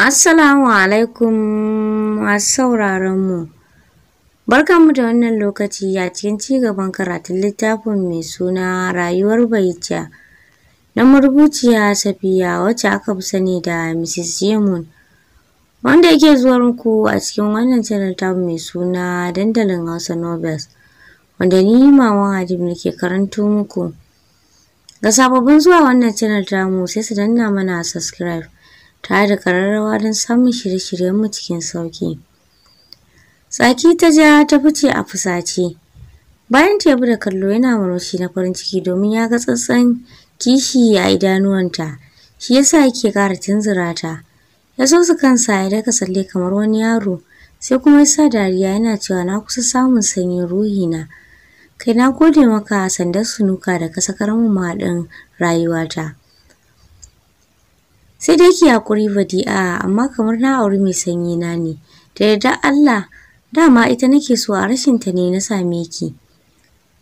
Assalamu alaikum masu sauraronmu. Barkanmu da wannan lokaci a cikin ci gaban karatun littafin mai suna rayuwar baicca na marubuciya Safiya wacce aka fi sani da Mrs. Jemun wanda yake zuwar ku a cikin wannan channel tamu mai suna dandalin Hausa Novels wanda ni Maman Hadim nake karanto muku. Ga sababbin zuwa wannan ta mu sai su danna mana subscribe tare da ƙararrawa don samun shirye shiryen mu cikin sauƙi. Tsaki ta ja ta fice a fusace. Bayan tebu da kallo yana murmushi na farin ciki domin ya ga tsantsan kishi a idanuwanta, shi yasa yake ƙara tunzura ta. Ya so su kansa ya daka tsalle kamar wani yaro, sai kuma ya sa dariya yana cewa na kusa samun sanyin ruhina. Kai na gode maka sandar sunuka da ka sakar mu rayuwata. sai dai ki hakuri badi'a amma kamar na auri mai sanyi na ne da yarda Allah dama ita nake so a rashin ta ne na same ki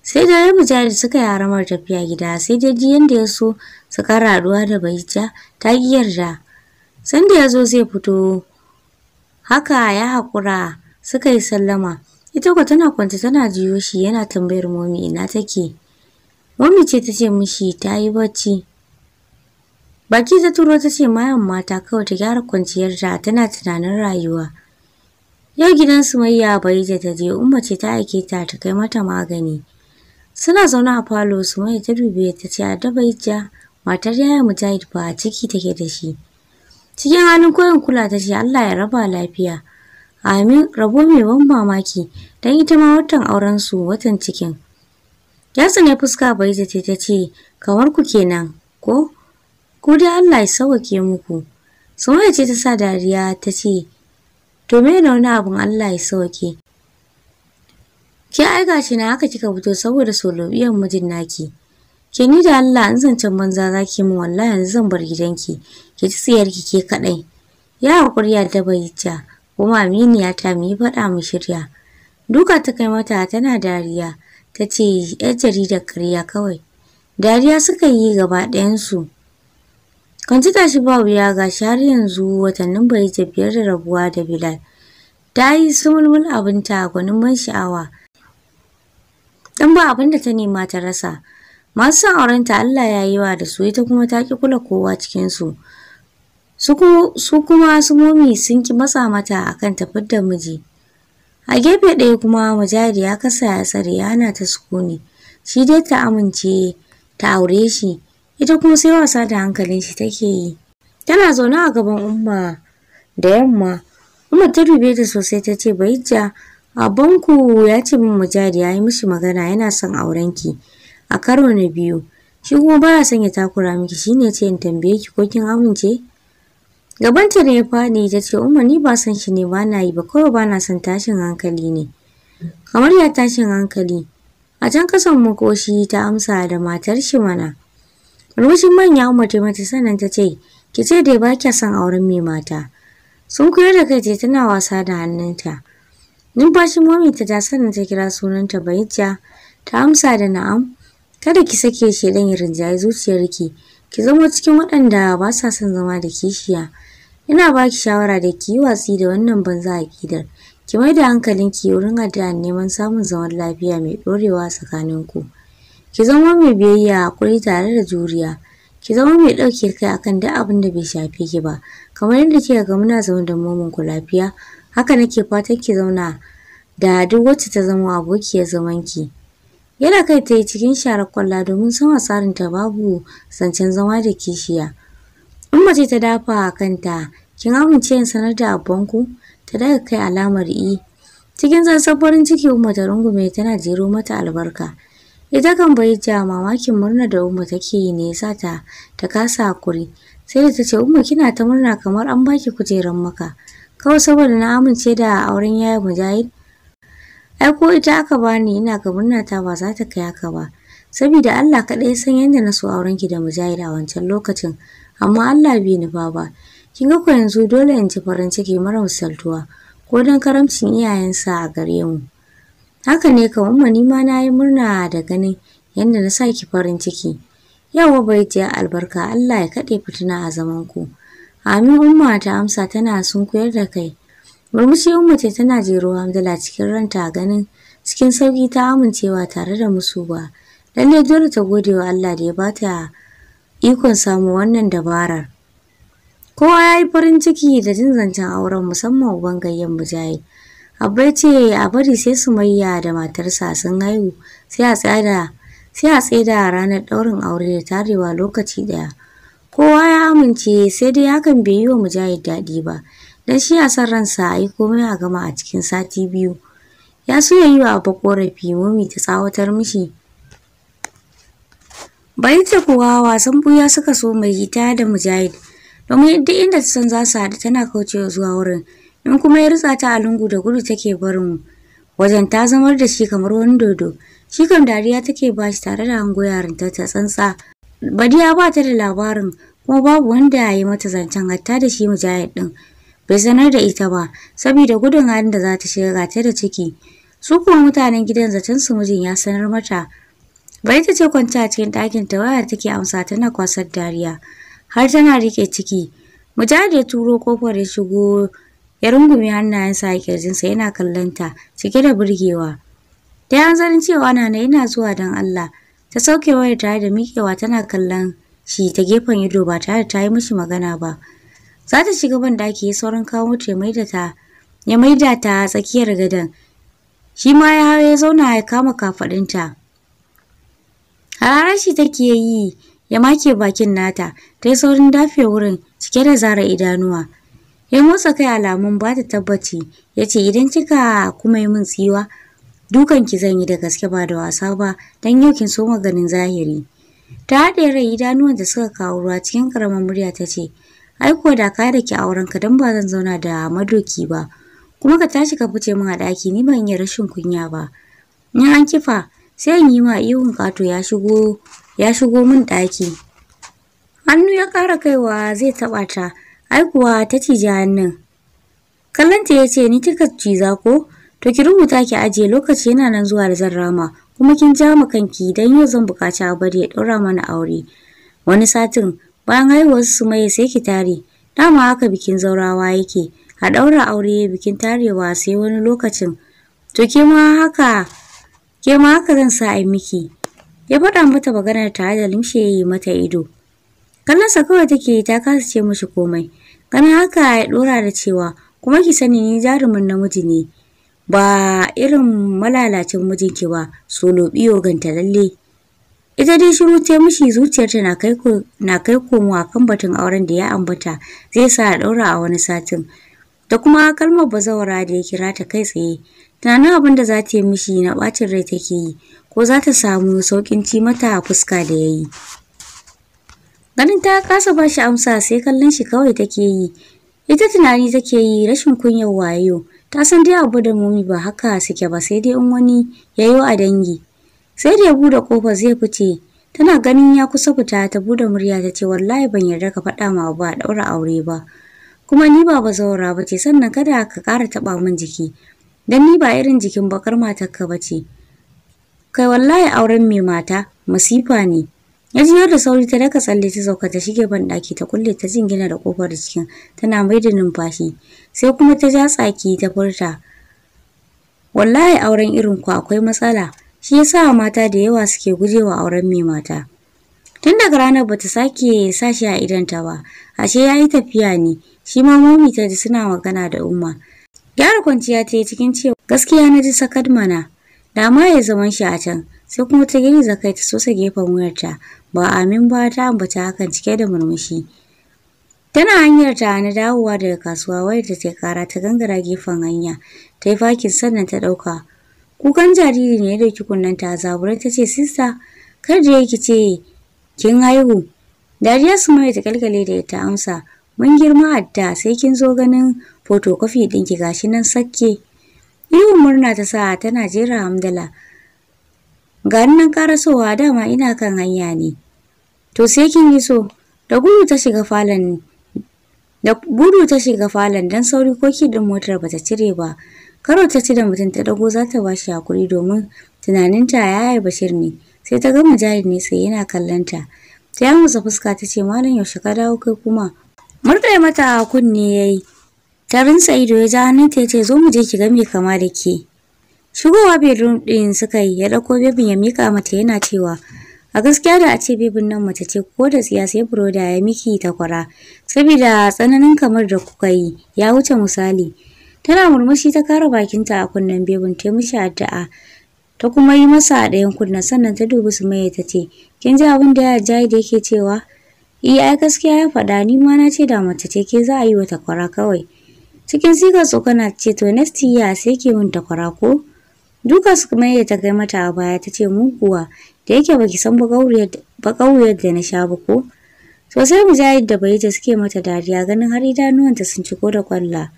sai da rabu jari suka yi haramar tafiya gida sai dai ji yadda ya so su kara da baija ta ki yarda sanda ya zo zai fito haka ya hakura, suka yi sallama ita kuwa tana kwanta tana jiyo shi yana tambayar momi ina take momi ce ta ce mishi ta yi bacci Baki ta turo ta ce mayan mata kawai ta gyara kwanciyar ta tana tunanin rayuwa. Yau gidan Sumayya bai da ta je Umma ce ta aike ta ta kai mata magani. Suna zaune a falo su mai ta dube ta ce a dabaija matar yaya Mujahid ba a ciki take da shi. Cikin halin koyon kula ta ce Allah ya raba lafiya. Amin rabo mai ban mamaki don ita ma watan auren su watan cikin. Ya fuska bai da ta ce kamar ku kenan ko Ko dai Allah ya sauke muku. Sumaya ce ta sa dariya ta ce, To me na wani abin Allah ya sauke? Ki aika shi na haka kika fito saboda solobiyan mijin naki. Ke ni da Allah in zancen banza za ki min wallahi yanzu zan bar gidanki. Ki ci tsiyarki ke kaɗai. Ya haƙuri da bai ta, kuma aminiya ta mu yi faɗa mu shirya. Duka ta kai mata tana dariya, ta ce ‘yar jaridar karya kawai. Dariya suka yi gaba ɗayansu. Kanci tashi ba wuya ga shi har yanzu watannin bai yi biyar da rabuwa da Bilal. Ta yi sumulmul abinta gwanin ban sha'awa. Dan ba abin da ta nema ta rasa. Masu son aurenta Allah ya yi wa da su ita kuma ta ki kula kowa cikinsu. Su kuma su momi sun ki matsa mata akan kan da miji. A gefe ɗaya kuma mujari ya kasa ya tsare yana ta sukuni. Shi dai ta amince ta aure shi. ita kuma sai wasa da hankalin shi take yi. Tana zaune a gaban Umma da yamma. Umma ta dube ta sosai ta ce Baijja abanku ya ce min mujadi ya yi mishi magana yana son aurenki a karo na biyu. Shi kuma baya son ya takura miki shi ne ce in tambaye ki ko kin amince? Gabanta da ya faɗi ta ce Umma ni ba san shi ne ba na yi ba kawai ba na son tashin hankali ne. Kamar ya tashin hankali. A can kasan makoshi ta amsa da matar shi mana. Roshin manya Umma mata sannan ta ce, ki ce dai ba kya son auren mai mata. Sun koyar da kai tana wasa da hannunta. Numfashin mami ta ja sannan ta kira sunanta Baijja, ta amsa da na'am. Kada ki sake shi dan ya rinjaye zuciyar Ki ki zama cikin waɗanda ba sa son zama da kishiya. Ina ba ki shawara da ki yi watsi da wannan banza a aƙidar. Ki mai da hankalinki wurin addu'a neman samun zaman lafiya mai ɗorewa tsakaninku. ku. ki zama mai biyayya hakuri tare da juriya ki zama mai ɗauke kai akan duk abin da bai shafe ki ba kamar yadda kika ga muna zaune da momon ku lafiya haka nake fatan ki zauna da duk wacce ta zama abokiyar zaman ki yana kai ta yi cikin sharar kwalla domin sama tsarin ta babu zancen zama da kishiya in mace ta dafa a kanta kin amince in sanar da ku ta daga kai alamar i cikin zansar farin ciki umma ta rungume tana jero mata albarka ita kan bai ja mamakin murna da Umma take yi ne sa ta ta kasa hakuri sai da ta ce Umma kina ta murna kamar an baki kujerar maka kawai saboda na amince da auren yaya Mujahid ai ko ita aka bani ina ga murna ta ba za ta kai haka ba saboda Allah kaɗai san yadda na so auren ki da Mujahid a wancan lokacin amma Allah bai ni ba kin ga ku yanzu dole in ji farin ciki mara misaltuwa ko don karamcin iyayensa a gare mu Haka ne kamar ni ma na yi murna da ganin yadda na sake farin ciki. Yawa baitiya albarka Allah ya kaɗe fitina a zaman ku. Amin umma ta amsa tana sun sunkuyar da kai. Murmushi umma ce tana jero Hamdala cikin ranta ganin cikin sauki ta amincewa tare da musu ba. Lallai dole ta gode wa Allah da ya ba ta ikon samu wannan dabarar. Kowa ya yi farin ciki da jin zancen auren musamman uban gayyan Mujahid. Abba ya ce a bari sai su Sumayya da matarsa sun haihu sai a tsada sai a tsada ranar ɗaurin aure da tarewa lokaci ɗaya. Kowa ya amince sai dai hakan bai yi wa Mujahid daɗi ba dan shi a san ransa a yi komai a gama a cikin sati biyu. Ya so ya yi wa Abba ƙorafi mummy ta tsawatar mishi. ta kuwa wasan buya suka so mai ta da Mujahid domin duk inda ta san za su haɗu tana kaucewa zuwa wurin in kuma ya rutsa ta a lungu da gudu take barin mu. Wajen ta zamar da shi kamar wani dodo, shi kan dariya take ba shi tare da hango yarinta ta tsantsa. Badiya ba ta da labarin kuma babu wanda ya yi mata zancen hatta da shi mujahid din. Bai sanar da ita ba, saboda gudun halin da za ta shiga ga ta da ciki. Su kuma mutanen gidan zaton su mijin ya sanar mata. Bai ta ce kwanta a cikin ɗakin ta waya take amsa tana kwasar dariya. Har tana riƙe ciki. Mujahid ya turo kofar ya shigo ya rungume hannayensa a kirjinsa yana kallon cike da burgewa da hanzarin cewa nana yana zuwa don Allah ta sauke wayar tare da miƙewa tana kallon shi ta gefen ido ba tare da ta yi mishi magana ba za ta shiga ban daki ya saurin kawo ta maida ta ya maida ta tsakiyar gadon shi ma ya hau ya zauna ya kama kafaɗinta hararar shi take yi ya make bakin nata ta yi saurin dafe wurin cike da zara idanuwa Ya motsa kai alamun ba ta tabbaci, ya ce idan kika kuma yi min tsiwa, dukan ki zan yi da gaske ba da wasa ba, don yau kin so maganin zahiri. Ta haɗe rai idanuwan da suka kawo ruwa cikin karamar murya ta ce, ai kuwa da ka da ke auren ka don ba zan zauna da madoki ba, kuma ka tashi ka fice min a ɗaki ni ban yi rashin kunya ba. In an kifa, sai in yi ma ihun ƙato ya shigo ya shigo min ɗaki. Hannu ya ƙara kaiwa zai taɓa ta, ai kuwa ta cije hannun. Kallanta ya ce ni kika ciza ko? To ki rubuta ki ajiye lokaci yana nan zuwa da zan rama kuma kin ja mu kanki dan yau zan bukaci a bari ya daura mana aure. Wani satin bayan haihuwar su mai sai ki tare. Dama haka bikin zaurawa yake. A daura aure bikin tarewa sai wani lokacin. To ke ma haka ke ma haka zan sa ai miki. Ya faɗa mata magana tare da limshe ya yi mata ido. sa kawai take ta kasa ce mishi komai. Ganin haka ya ɗora da cewa kuma ki sani ni jarumin namiji ne ba irin malalacin mijinki ba solo biyo ganta lalle. Ita dai shiru ta mishi zuciyarta na kai na kai komowa kan batun auren da ya ambata zai sa a ɗaura a wani satin. Da kuma kalmar bazawara da ya kira ta kai tsaye. Tunanin abin da za ta yi mishi na ɓacin rai take yi ko za ta samu sauƙin ci mata fuska da ya yi. Ganin ta kasa ba shi amsa sai kallon shi kawai take yi. Ita tunani take yi rashin kunyar wayo. Ta san dai abu da mumi ba haka suke ba sai dai in wani yayo a dangi. Sai da ya bude kofar zai fice. Tana ganin ya kusa fita ta bude murya ta ce wallahi ban yarda ka faɗa ma ba daura aure ba. Kuma ni ba ba zaura ba ce sannan kada ka ƙara taɓa min jiki. Dan ni ba irin jikin bakar matarka ba ce. Kai wallahi auren mai mata masifa ne. Ya jiyo da sauri ta daka tsalle ta sauka ta shige ban ɗaki ta kulle ta jingina da ƙofar cikin tana mai da numfashi sai kuma ta ja tsaki ta furta. Wallahi auren irin ku akwai matsala shi yasa mata da yawa suke gujewa auren mai mata. Tun daga ranar bata sake shi a idanta ba ashe ya yi tafiya ne shi ma momi ta ji suna magana da umma. Gyara kwanciya ta yi cikin cewa gaskiya na ji sakad mana dama ya zaman shi a can. sai kuma ta gini zakai ta sosa gefen wuyarta ba amin ba ta ambata hakan cike da murmushi tana hanyar ta na dawowa daga kasuwa wayar ta sai kara ta gangara gefen hanya ta yi fakin sannan ta ɗauka kukan jariri ne ya ɗauki kunnan ta zabura ta ce sista kar da yake ce kin haihu dariya su mai ta kalkale da ita amsa mun girma adda sai kin zo ganin photocopy ga gashi nan sakke ihun murna ta sa tana jera hamdala ga nan karasowa dama ina kan hanya ne to sai kin yi so da gudu ta shiga falon da gudu ta shiga falon dan sauri ko din motar ba ta cire ba karo ta ci da mutum ta dago za ta bashi hakuri domin tunaninta yi bashir ne sai ta ga mujahid ne sai yana kallanta ta ya masa fuska ta ce malam yaushe ka dawo kai kuma murɗe mata kunne yayi ta rinsa ido ya ja hannun ta ya ce zo mu je ki ga me kama da ke Shigowa bedroom ɗin suka yi ya ɗauko bebin ya mika mata yana cewa a gaskiya da a ce bebin nan mace ce ko da tsiya sai broda ya miki takwara saboda tsananin kamar da kuka yi ya wuce misali. Tana murmushi ta kara bakinta a kunnen bebin ta mishi addu'a ta kuma yi masa a ɗayan kunnen sannan ta dubi su maye ta ce kin ji abin da ya jayi da yake cewa iya eh, ai gaskiya ya faɗa ni ma na ce da mace ce ke za a yi wa takwara kawai cikin sigar tsokana ce to nesti ya sai ke min takwara ko Duka su mai ta kai mata a baya ta ce mu kuwa da yake baki san bakauriyar da na sha ba ko. Sosai mujahid da bayita suke mata dariya ganin har idanuwanta sun ci ko da kwalla.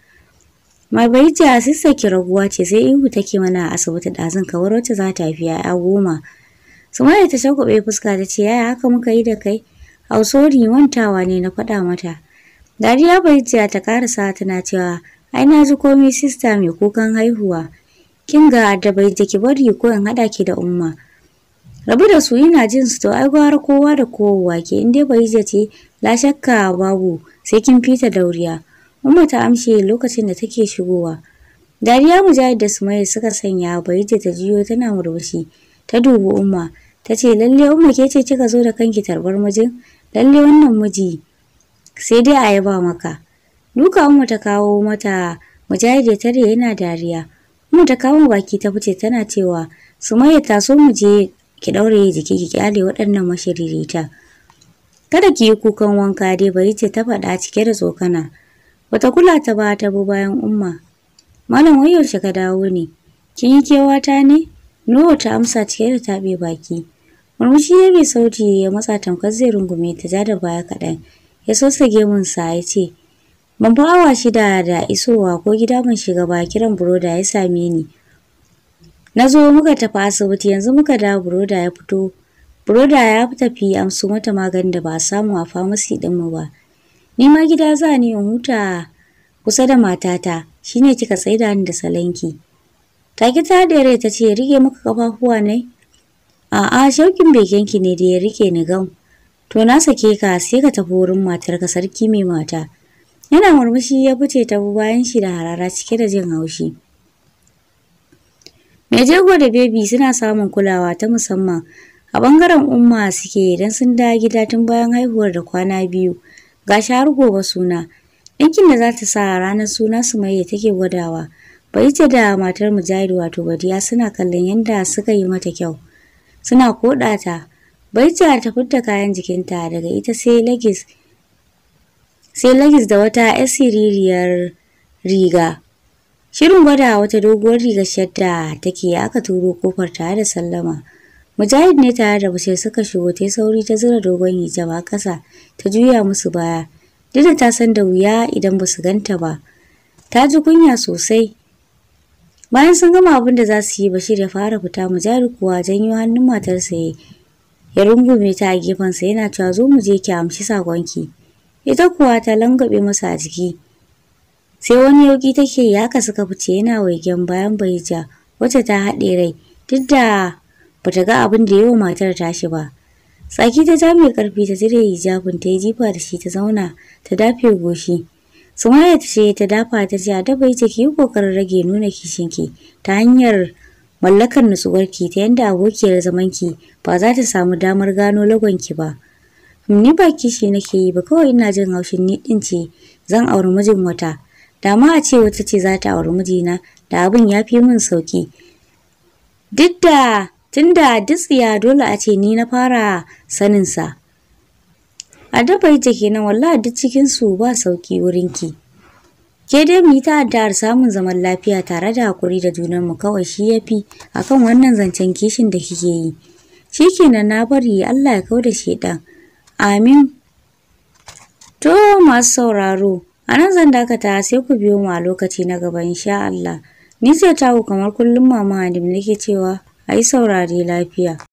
Mai bayita sissa ki raguwa ce sai ihu take mana a asibiti ɗazun kawar wacce za ta fi ya'ya goma. Sumaya ta shagwabe fuska ta ce yaya haka muka yi da kai. Hausori wantawa ne na faɗa mata. Dariya bayita ta karasa tana cewa ai na ji komai sista mai kukan haihuwa. kin ga da bai ki bari ko in haɗa ki da umma rabu da su ina jin su to ai gwara kowa da kowa ke in dai bai ce la shakka babu sai kin fita da dauriya umma ta amshe lokacin da take shigowa dariya mujahid da sumayya suka sanya bai ta jiyo tana murmushi ta dubu, umma ta ce lalle umma ke ce kika zo da kanki tarbar mijin lalle wannan miji sai dai a yaba maka duka umma ta kawo mata mujahid ya tare yana dariya Mu ta kawo baki ta fice tana cewa Sumayya ta so mu je ki daure jiki ki kyale waɗannan mashiririta. Kada ki yi kukan wanka dai bari ce ta faɗa cike da tsokana. Bata kula ta ba ta bi bayan umma. Malam wai yaushe ka dawo ne? Kin yi kewa ne? Nuhu ta amsa cike da taɓe baki. Murmushi ya mai sauti ya matsa tamkar zai rungume ta ja da baya kaɗan. Ya sosa gemunsa ya ce, Ban fi awa shida da isowa ko gida ban shiga ba kiran buroda ya same ni. Na zo muka tafi asibiti yanzu muka da buroda ya fito. Buroda ya tafi amsu mata maganin da ba a samu a famasi mu ba. Ni ma gida za ni in huta kusa da matata shine kika tsaida ni da salanki. Ta ki ta rai ta ce rike maka kafafuwa ne? A'a shaukin bekenki ne da ya rike ni gam. To na sake ka sai ka tafi wurin matarka sarki mai mata. Yana murmushi ya fice ta bayan shi da harara cike da jin haushi. Mai jego da bebi suna samun kulawa ta musamman a bangaren umma suke idan sun da gida tun bayan haihuwar da kwana biyu ga har gobe suna. Ɗinkin da za ta sa ranar suna su mai Sumayya take gwadawa. Baita da matar Mujahid wato Badiya suna kallon yadda suka yi mata kyau. Suna koɗata. ta. a ta fitta kayan jikinta daga ita sai Legis sai lagis da wata 'yar siririyar riga. Shirin gwada wata doguwar riga shadda take aka turo kofar tare da sallama. Mujahid ne tare da Bashir suka shigo ta sauri ta zura dogon hijaba kasa ta juya musu baya. Duk da ta san da wuya idan ba su ganta ba. Ta ji kunya sosai. Bayan sun gama abin da za su yi Bashir ya fara fita Mujahid kuwa janyo hannun matarsa ya rungume ta a gefensa yana cewa zo mu je ki amshi sakonki. ita kuwa ta langaɓe masa a jiki sai wani yauki take ya ka suka fice yana waigen bayan baija wacce ta haɗe rai duk da bata ga abin da yawa matar ta shi ba tsaki ta jami karfi ta cire hijabin ta yi jifa da shi ta zauna ta dafe goshi sumaya ta ce ta dafa ta ce a dabai ta ki yi kokarin rage nuna kishinki ta hanyar mallakar nutsuwarki ta yadda abokiyar zamanki ba za ta samu damar gano lagonki ba ni ba kishi nake yi ba kawai ina jin haushin ni din ce zan auri mijin wata da ma a ce wata ce za ta auri mijina da abin ya fi min sauki duk da tunda ditsiya dole a ce ni na fara saninsa a dafa ita kenan wallahi duk cikin su ba sauki wurinki ke dai mu yi ta'addar samun zaman lafiya tare da hakuri da mu kawai shi ya yafi akan wannan zancen kishin da kike yi kenan na bari Allah ya kauda shedan Amin. To masu sauraro, a nan zan dakata sai ku biyo mu a lokaci na gaba insha Allah. Ni ce taku kamar kullum Mama Hadim nake cewa a yi saurare lafiya.